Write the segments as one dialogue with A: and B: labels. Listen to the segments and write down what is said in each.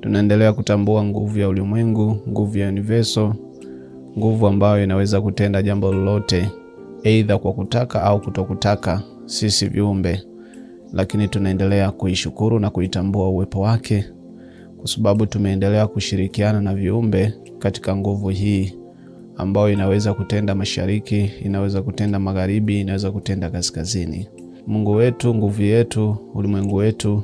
A: Tunaendelea kutambua nguvu ya ulimwengu, nguvu ya universo, nguvu ambayo inaweza kutenda jambo lolote, aidha kwa kutaka au kutokutaka sisi viumbe, lakini tunaendelea kuishukuru na kuitambua uwepo wake, kwa sababu tumeendelea kushirikiana na viumbe katika nguvu hii ambayo inaweza kutenda mashariki, inaweza kutenda magharibi, inaweza kutenda kaskazini. Mungu wetu, nguvu yetu, ulimwengu wetu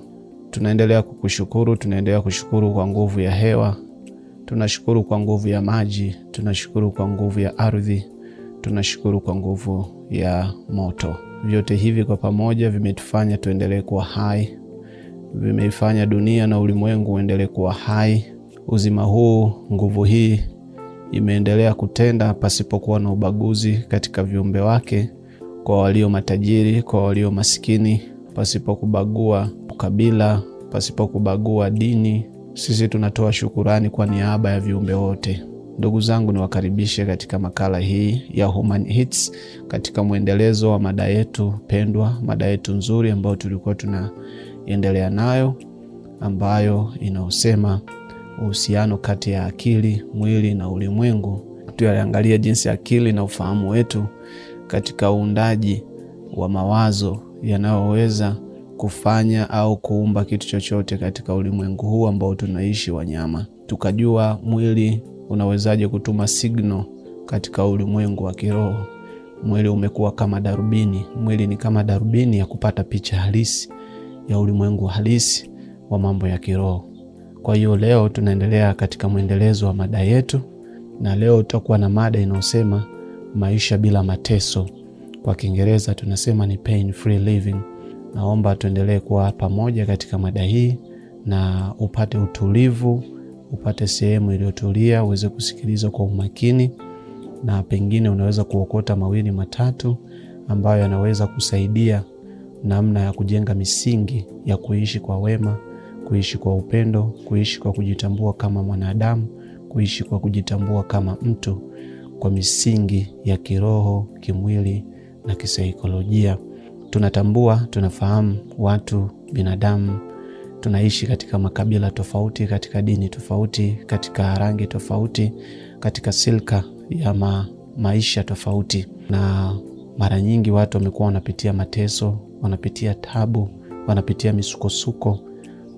A: Tunaendelea kukushukuru, tunaendelea kushukuru kwa nguvu ya hewa, tunashukuru kwa nguvu ya maji, tunashukuru kwa nguvu ya ardhi, tunashukuru kwa nguvu ya moto. Vyote hivi kwa pamoja vimetufanya tuendelee kuwa hai, vimeifanya dunia na ulimwengu uendelee kuwa hai. Uzima huu, nguvu hii imeendelea kutenda pasipokuwa na ubaguzi katika viumbe wake, kwa walio matajiri, kwa walio masikini, pasipo kubagua ukabila, pasipo kubagua dini. Sisi tunatoa shukurani kwa niaba ya viumbe wote. Ndugu zangu, niwakaribishe katika makala hii ya Human Hits, katika mwendelezo wa mada yetu pendwa, mada yetu nzuri ambayo tulikuwa tunaendelea nayo ambayo inaosema uhusiano kati ya akili, mwili na ulimwengu. tuyaliangalia jinsi akili na ufahamu wetu katika uundaji wa mawazo yanayoweza kufanya au kuumba kitu chochote katika ulimwengu huu ambao tunaishi wanyama, tukajua mwili unawezaje kutuma signal katika ulimwengu wa kiroho. Mwili umekuwa kama darubini. Mwili ni kama darubini ya kupata picha halisi ya ulimwengu halisi wa mambo ya kiroho. Kwa hiyo leo tunaendelea katika mwendelezo wa mada yetu, na leo tutakuwa na mada inayosema maisha bila mateso, kwa Kiingereza tunasema ni pain free living. Naomba tuendelee kuwa pamoja katika mada hii na upate utulivu, upate sehemu iliyotulia, uweze kusikiliza kwa umakini, na pengine unaweza kuokota mawili matatu ambayo yanaweza kusaidia namna ya kujenga misingi ya kuishi kwa wema, kuishi kwa upendo, kuishi kwa kujitambua kama mwanadamu, kuishi kwa kujitambua kama mtu, kwa misingi ya kiroho, kimwili na kisaikolojia tunatambua, tunafahamu watu binadamu tunaishi katika makabila tofauti, katika dini tofauti, katika rangi tofauti, katika silka ya ma, maisha tofauti, na mara nyingi watu wamekuwa wanapitia mateso, wanapitia tabu, wanapitia misukosuko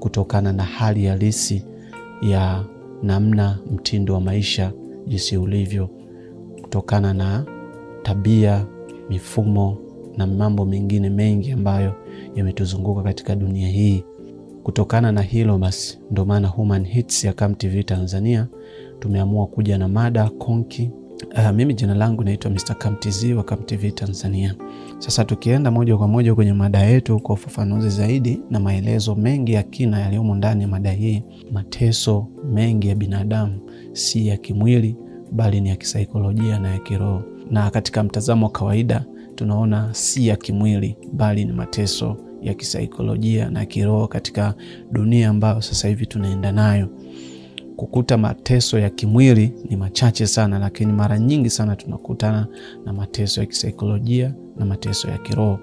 A: kutokana na hali halisi ya namna mtindo wa maisha jinsi ulivyo, kutokana na tabia, mifumo na mambo mengine mengi ambayo yametuzunguka katika dunia hii. Kutokana na hilo basi, ndo maana Human Hits ya Come TV Tanzania tumeamua kuja na mada konki. Uh, mimi jina langu naitwa Mr. Kamtz wa TV Tanzania. Sasa tukienda moja kwa moja kwenye mada yetu kwa ufafanuzi zaidi na maelezo mengi ya kina yaliyomo ndani ya mada hii, mateso mengi ya binadamu si ya kimwili bali ni ya kisaikolojia na ya kiroho, na katika mtazamo wa kawaida tunaona si ya kimwili, bali ni mateso ya kisaikolojia na kiroho katika dunia ambayo sasa hivi tunaenda nayo. Kukuta mateso ya kimwili ni machache sana, lakini mara nyingi sana tunakutana na mateso ya kisaikolojia na mateso ya kiroho,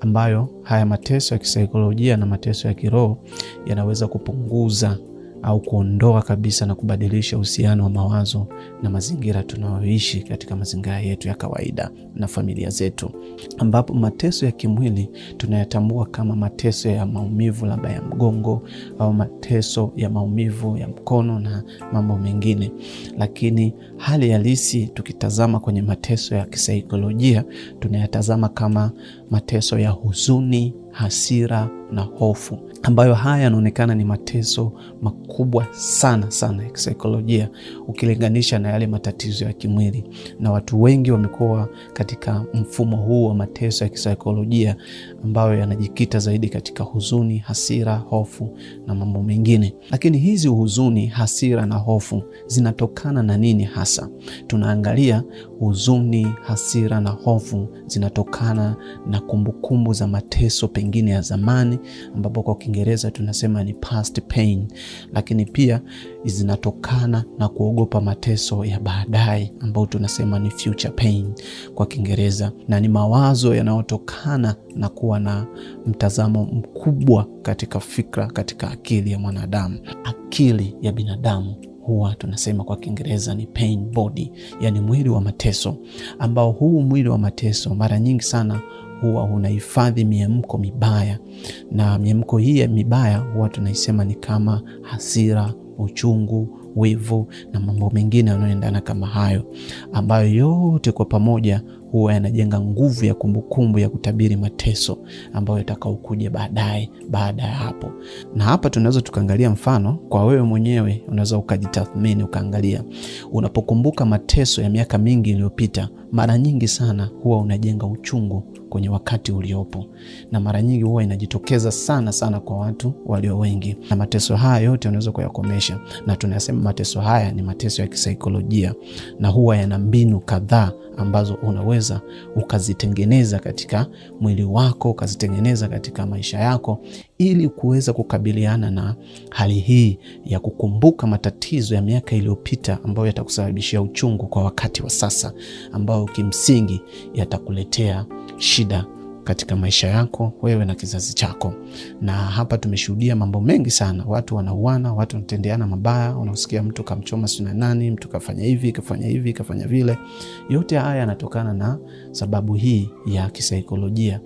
A: ambayo haya mateso ya kisaikolojia na mateso ya kiroho yanaweza kupunguza au kuondoa kabisa na kubadilisha uhusiano wa mawazo na mazingira tunayoishi katika mazingira yetu ya kawaida na familia zetu, ambapo mateso ya kimwili tunayatambua kama mateso ya maumivu labda ya mgongo au mateso ya maumivu ya mkono na mambo mengine, lakini hali halisi tukitazama kwenye mateso ya kisaikolojia tunayatazama kama mateso ya huzuni, hasira na hofu ambayo haya yanaonekana ni mateso makubwa sana sana ya kisaikolojia ukilinganisha na yale matatizo ya kimwili. Na watu wengi wamekuwa katika mfumo huu wa mateso ya kisaikolojia ambayo yanajikita zaidi katika huzuni, hasira, hofu na mambo mengine. Lakini hizi huzuni, hasira na hofu zinatokana na nini hasa? Tunaangalia huzuni, hasira na hofu zinatokana na kumbukumbu za mateso pengine ya zamani ambapo kwa Kiingereza tunasema ni past pain, lakini pia zinatokana na kuogopa mateso ya baadaye ambayo tunasema ni future pain kwa Kiingereza, na ni mawazo yanayotokana na kuwa na mtazamo mkubwa katika fikra, katika akili ya mwanadamu. Akili ya binadamu huwa tunasema kwa Kiingereza ni pain body, yani mwili wa mateso, ambao huu mwili wa mateso mara nyingi sana huwa unahifadhi miemko mibaya, na miemko hii mibaya huwa tunaisema ni kama hasira, uchungu, wivu na mambo mengine yanayoendana kama hayo, ambayo yote kwa pamoja huwa yanajenga nguvu ya kumbukumbu ya kutabiri mateso ambayo yatakaokuja baadaye baada ya hapo. Na hapa tunaweza tukaangalia mfano kwa wewe mwenyewe, unaweza ukajitathmini ukaangalia, unapokumbuka mateso ya miaka mingi iliyopita, mara nyingi sana huwa unajenga uchungu kwenye wakati uliopo, na mara nyingi huwa inajitokeza sana sana kwa watu walio wengi, na mateso haya yote unaweza kuyakomesha, na tunasema mateso haya ni mateso ya kisaikolojia, na huwa yana mbinu kadhaa ambazo unaweza ukazitengeneza katika mwili wako, ukazitengeneza katika maisha yako, ili kuweza kukabiliana na hali hii ya kukumbuka matatizo ya miaka iliyopita ambayo yatakusababishia uchungu kwa wakati wa sasa, ambao kimsingi yatakuletea shida katika maisha yako wewe na kizazi chako. Na hapa tumeshuhudia mambo mengi sana, watu wanauana, watu wanatendeana mabaya. unausikia mtu kamchoma na nani, mtu kafanya hivi kafanya hivi kafanya vile. Yote haya yanatokana na sababu hii ya kisaikolojia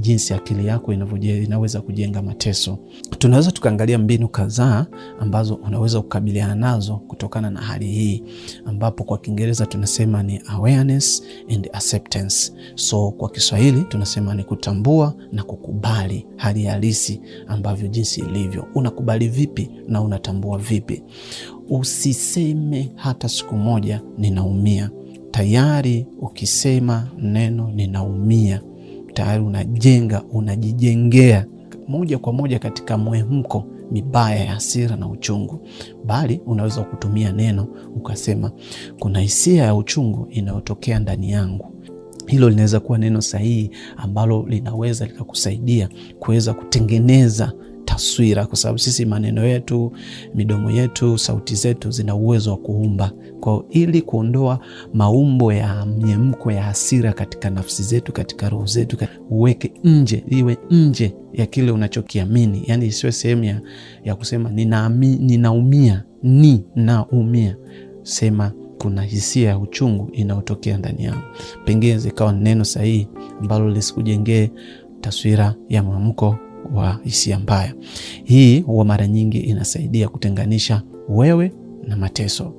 A: jinsi akili yako inaweza kujenga mateso. Tunaweza tukaangalia mbinu kadhaa ambazo unaweza kukabiliana nazo kutokana na hali hii, ambapo kwa Kiingereza tunasema ni awareness and acceptance. So kwa Kiswahili tunasema ni kutambua na kukubali hali halisi ambavyo jinsi ilivyo. Unakubali vipi na unatambua vipi? Usiseme hata siku moja ninaumia. Tayari ukisema neno ninaumia tayari unajenga, unajijengea moja kwa moja katika mwemko mibaya ya hasira na uchungu, bali unaweza kutumia neno ukasema, kuna hisia ya uchungu inayotokea ndani yangu. Hilo linaweza kuwa neno sahihi ambalo linaweza likakusaidia kuweza kutengeneza taswira, kwa sababu sisi maneno yetu, midomo yetu, sauti zetu zina uwezo wa kuumba. kwao ili kuondoa maumbo ya myemko ya hasira katika nafsi zetu, katika roho zetu, uweke nje, iwe nje ya kile unachokiamini, yani isiwe sehemu ya, ya kusema ninaumia, ni naumia. Sema kuna hisia ya uchungu inayotokea ndani yangu, pengine zikawa neno sahihi ambalo lisikujengee taswira ya mwamko wa hisia mbaya. Hii huwa mara nyingi inasaidia kutenganisha wewe na mateso,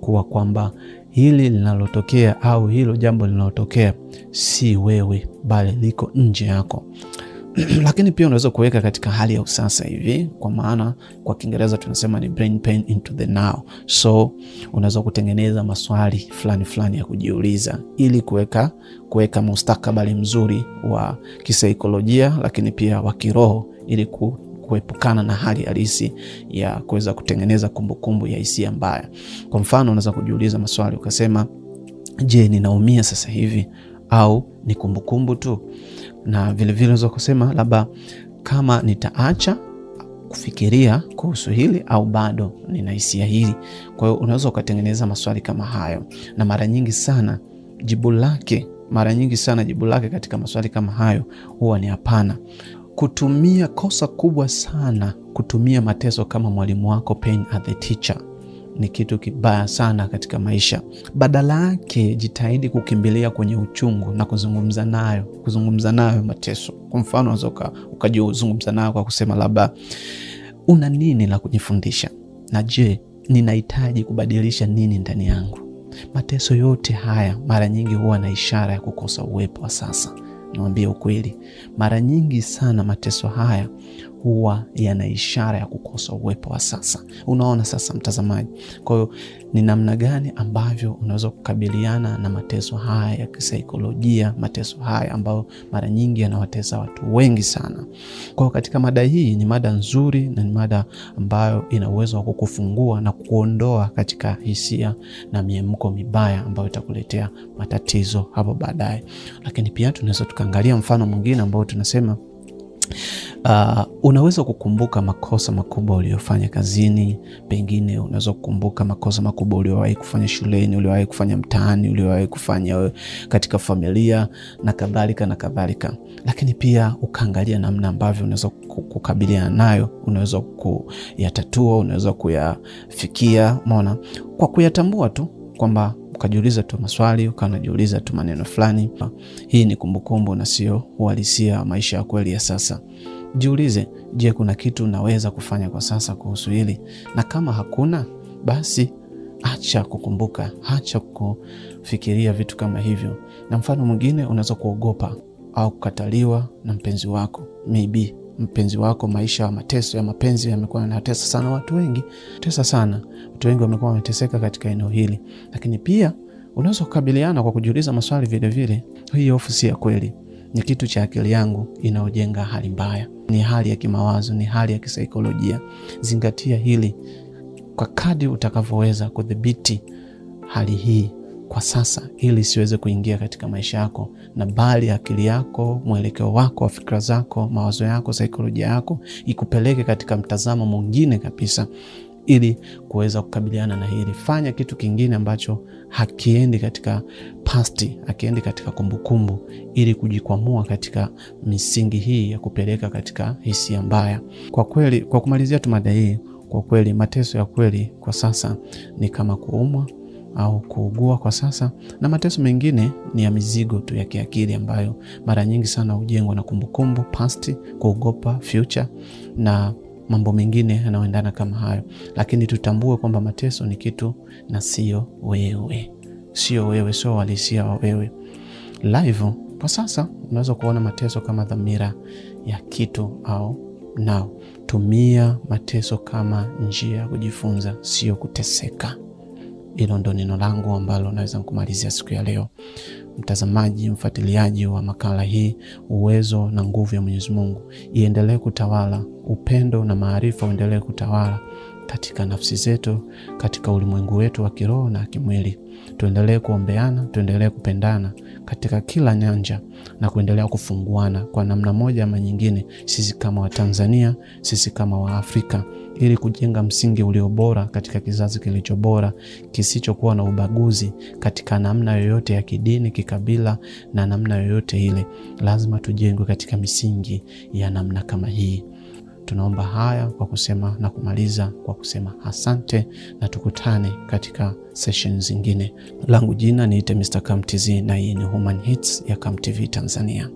A: kuwa kwamba hili linalotokea au hilo jambo linalotokea si wewe, bali liko nje yako. lakini pia unaweza kuweka katika hali ya usasa hivi, kwa maana kwa Kiingereza tunasema ni brain pain into the now. So unaweza kutengeneza maswali fulani fulani ya kujiuliza ili kuweka kuweka mustakabali mzuri wa kisaikolojia, lakini pia wa kiroho ili ku kuepukana na hali halisi ya kuweza kutengeneza kumbukumbu ya hisia mbaya. Kwa mfano, unaweza kujiuliza maswali ukasema, je, ninaumia sasa hivi au ni kumbukumbu tu? na vilevile unaweza kusema labda kama nitaacha kufikiria kuhusu hili au bado nina hisia hili. Kwa hiyo unaweza ukatengeneza maswali kama hayo, na mara nyingi sana jibu lake mara nyingi sana jibu lake katika maswali kama hayo huwa ni hapana. Kutumia kosa kubwa sana kutumia mateso kama mwalimu wako, pain as the teacher ni kitu kibaya sana katika maisha. Badala yake, jitahidi kukimbilia kwenye uchungu na kuzungumza nayo, kuzungumza nayo mateso. Kwa mfano, unaweza ukajizungumza nayo kwa kusema labda, una nini la kujifundisha, Na je, ninahitaji kubadilisha nini ndani yangu? Mateso yote haya mara nyingi huwa na ishara ya kukosa uwepo wa sasa. Niwambie ukweli, mara nyingi sana mateso haya huwa yana ishara ya kukosa uwepo wa sasa. Unaona sasa, mtazamaji, kwa hiyo ni namna gani ambavyo unaweza kukabiliana na mateso haya ya kisaikolojia, mateso haya ambayo mara nyingi yanawatesa watu wengi sana. Kwa hiyo katika mada hii, ni mada nzuri na ni mada ambayo ina uwezo wa kukufungua na kuondoa katika hisia na miemko mibaya ambayo itakuletea matatizo hapo baadaye. Lakini pia tunaweza tukaangalia mfano mwingine ambao tunasema Uh, unaweza kukumbuka makosa makubwa uliyofanya kazini, pengine unaweza kukumbuka makosa makubwa uliowahi kufanya shuleni, uliyowahi kufanya mtaani, uliowahi kufanya katika familia na kadhalika na kadhalika, lakini pia ukaangalia namna ambavyo unaweza kukabiliana nayo, unaweza kuyatatua, unaweza kuyafikia. Umeona, kwa kuyatambua tu kwamba ukajiuliza tu maswali ukawa unajiuliza tu maneno fulani. Hii ni kumbukumbu na sio uhalisia wa maisha ya kweli ya sasa. Jiulize, je, kuna kitu naweza kufanya kwa sasa kuhusu hili? Na kama hakuna, basi acha kukumbuka, acha kufikiria vitu kama hivyo. Na mfano mwingine, unaweza kuogopa au kukataliwa na mpenzi wako, maybe mpenzi wako, maisha ya mateso ya mapenzi yamekuwa yanatesa sana watu wengi, tesa sana watu wengi wamekuwa wameteseka katika eneo hili. Lakini pia unaweza kukabiliana kwa kujiuliza maswali vilevile, hii hofu si ya kweli? ni kitu cha akili yangu inayojenga hali mbaya, ni hali ya kimawazo, ni hali ya kisaikolojia. Zingatia hili kwa kadi utakavyoweza kudhibiti hali hii kwa sasa, ili isiweze kuingia katika maisha yako, na bali akili yako, mwelekeo wako wa fikra zako, mawazo yako, saikolojia yako ikupeleke katika mtazamo mwingine kabisa ili kuweza kukabiliana na hili. Fanya kitu kingine ambacho hakiendi katika pasti, akiende katika kumbukumbu kumbu, ili kujikwamua katika misingi hii ya kupeleka katika hisia mbaya. Kwa kweli, kwa kumalizia tu mada hii, kwa kweli mateso ya kweli kwa sasa ni kama kuumwa au kuugua kwa sasa, na mateso mengine ni ya mizigo tu ya kiakili ambayo mara nyingi sana hujengwa na kumbukumbu pasti, kuogopa future na mambo mengine yanayoendana kama hayo, lakini tutambue kwamba mateso ni kitu na sio wewe sio wewe, sio uhalisia wa wewe. Live kwa sasa unaweza kuona mateso kama dhamira ya kitu au nao. Tumia mateso kama njia ya kujifunza, sio kuteseka. Hilo ndo neno langu ambalo naweza kumalizia siku ya leo. Mtazamaji, mfuatiliaji wa makala hii, uwezo na nguvu ya Mwenyezi Mungu iendelee kutawala, upendo na maarifa uendelee kutawala katika nafsi zetu, katika ulimwengu wetu wa kiroho na kimwili. Tuendelee kuombeana, tuendelee kupendana katika kila nyanja na kuendelea kufunguana kwa namna moja ama nyingine, sisi kama Watanzania, sisi kama Waafrika, ili kujenga msingi ulio bora katika kizazi kilicho bora kisichokuwa na ubaguzi katika namna yoyote ya kidini, kikabila na namna yoyote ile. Lazima tujengwe katika misingi ya namna kama hii. Tunaomba haya kwa kusema na kumaliza kwa kusema asante, na tukutane katika seshen zingine. Langu jina niite Mr. camtz na hii ni Human Hits ya camtv Tanzania.